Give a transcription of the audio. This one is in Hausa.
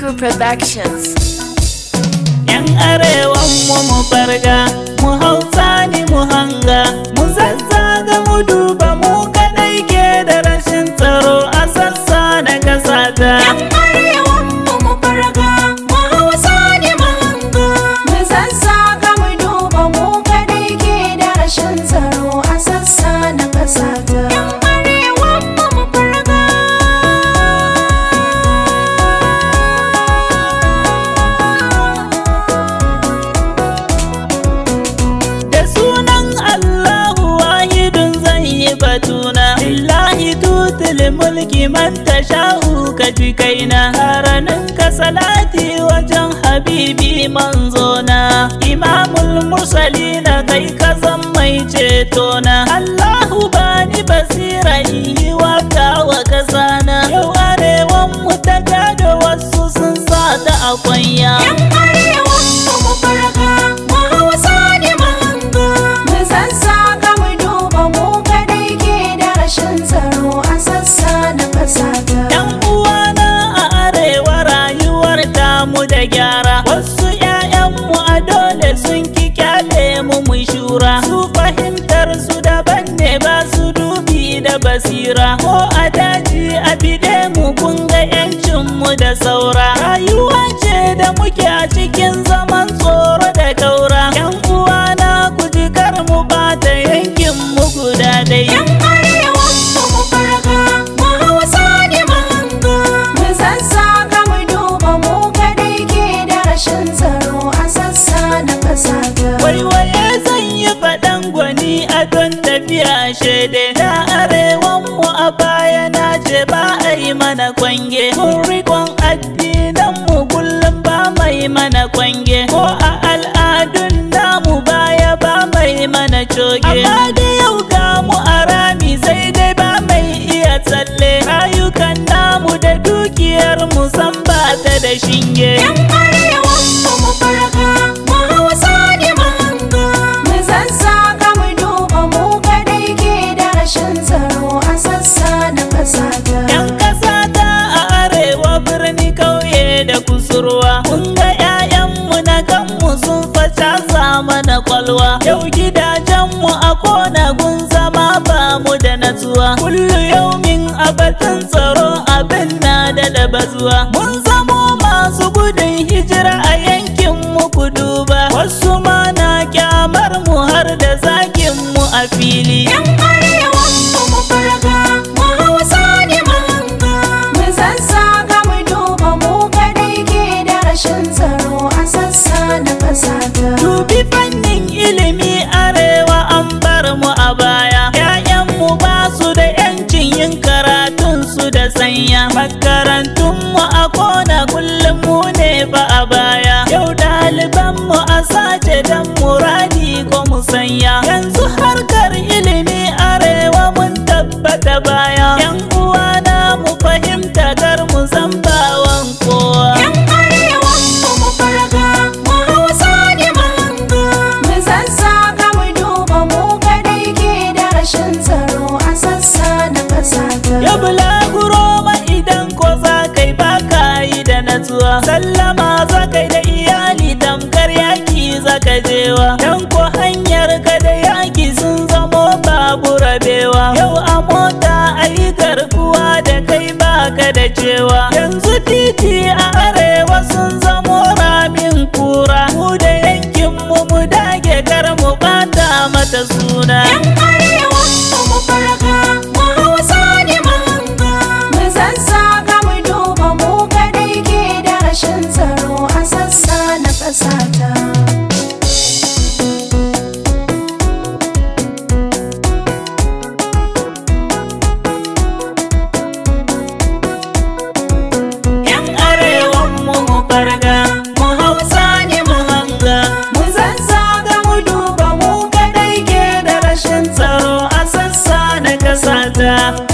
Shiku Yan arewan mu mufarga mu hausa ni mu hanga, mu zazzaga mu duba mu kadai ke da rashin tsaro a sassa na kasata. Yan arewan mu mu farga, mu hausa ni mu hanga, mu zazzaga duba mu kadai ke da rashin tsaro batuna lillahi tutul mulki man tashahu ka ji kaina ka salati wajen habibi manzona imamul mursalina kai kazan mai cetona allahu bani basira in yi wa kasana yau arewan ta wasu sun sa ta a Ko a daji a bide mu kun ga yancinmu da saura rayuwa ce da muke a cikin zaman tsoro mu rikon addinan mu kullum ba mai mana kwange ko a al'adun namu baya ba mai mana coge amma da yau ga mu a rami sai dai ba mai iya tsalle rayukan namu da dukiyar mu san ba ta da shinge kona gun zama ba mu da natsuwa kullu yaumin abatan tsaro abin na da da natsuwa sallama kai da iyali tamkar yaki ka jewa ko hanyar ka da yaki sun zamo babu rabewa yau a mota ayi garkuwa da kai baka da cewa yanzu titi a arewa sun zamo ramin kura mu da yankin mu dage kar mu bata mata suna назад